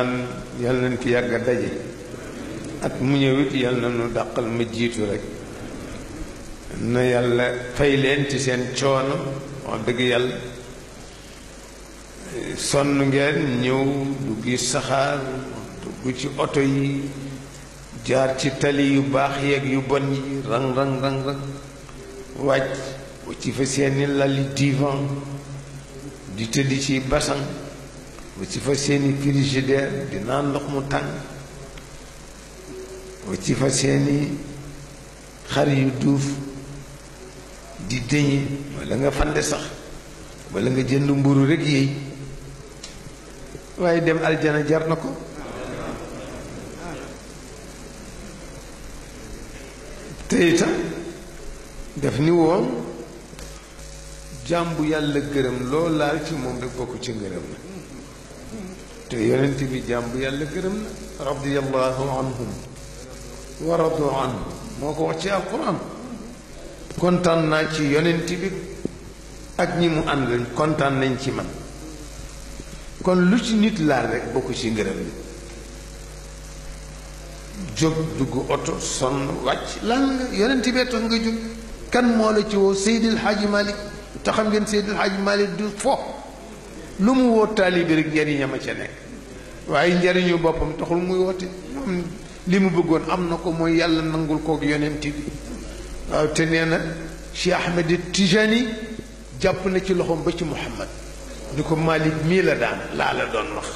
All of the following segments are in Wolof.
an yal nañ fi yàgg a daje at mu ñëwit nu dàqal ma jiitu rek na yàlla fay leen ci seen coono wax dëgg yàlla sonn ngeen ñëw duggi saxaar dugg ci oto yi jaar ci tali yu baax yeeg yu bon yi rang rang rang rang ci fa seeni lali divan di tëddi ci basan wa ci fa seeni frigidaire di naan ndox mu tàng wa ci fa seeni xar yu duuf di dëñe walla nga fande sax walla nga jënd mburu rekk yéey waaye dem aljana jar na ko te itam daf ni woon jàmbu yàlla gërëm loolu laal ci moom rekk bokk ci ngërëm na te yonent bi jàmb yàlla gërëm na radiallahu anhum wa radu anhu moo ko wax ci alquran kontaan naa ci yonent bi ak ñi mu àndal kontaan nañ ci man kon lu ci nit laal rek bokk ci ngërëm li jóg dugg oto sonn wàcc lan nga yonent bee tax nga jóg kan moo la ci woo Seydil Hadji Malick te xam ngeen Seydil Hadji Malick du fo lu mu woo taalibi rek njëriñam a ca nekk waaye njariñu boppam taxul muy woote moom li mu bëggoon am na ko mooy yàlla nangul kook yonent bi waaw te nee na Cheikh Ahmed Tijani jàpp na ci loxoom ba ci Muhammad ni ko Malick mii la daan laa la doon wax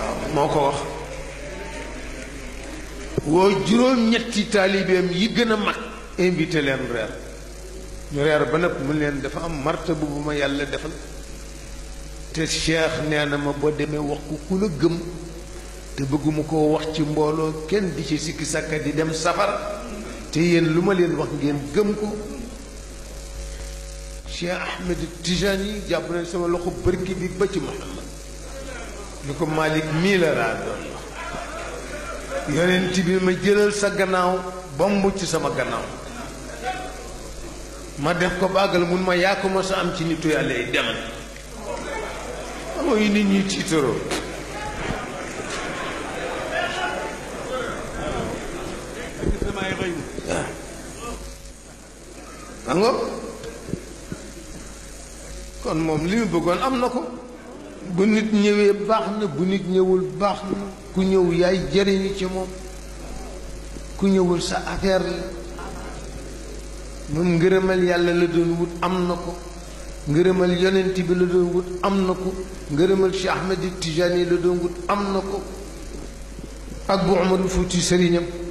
waaw moo ko wax woo juróom-ñetti taalibeem yi gën a mag invité leen reer ñu reer ba nëpp mu leen dafa am martaba bu ma yàlla defal te cheikh nee na ma boo demee wax ko ku la gëm te bëgguma koo wax ci mbooloo kenn di ci sikki sàkka di dem safar te yéen lu ma leen wax ngeen gëm ko cheikh ahmed tijaan yi jàpp na sama loxo bërki ba ci muhammad lu ko malik mii la laa doon yonent bi ma jëlal sa gannaaw ba mu sama gannaaw ma def ko bàggal mun ma yaa ko ma sa am ci nitu yàlla yi demal drapeau yi nit ñi tiitaroo waaw ah. kon moom li mu bëggoon am na ko bu nit ñëwee baax na bu nit ñëwul baax na ku ñëw yaay jëriñu ci moom ku ñëwul sa affaire la moom ngërëmal yàlla la doon wut am na ko ngërëmal yonent bi la doon wut am na ko ngërëmal Cheikh Ahmed Tidiane la doon wut am na ko ak bu Umarul ci sëriñam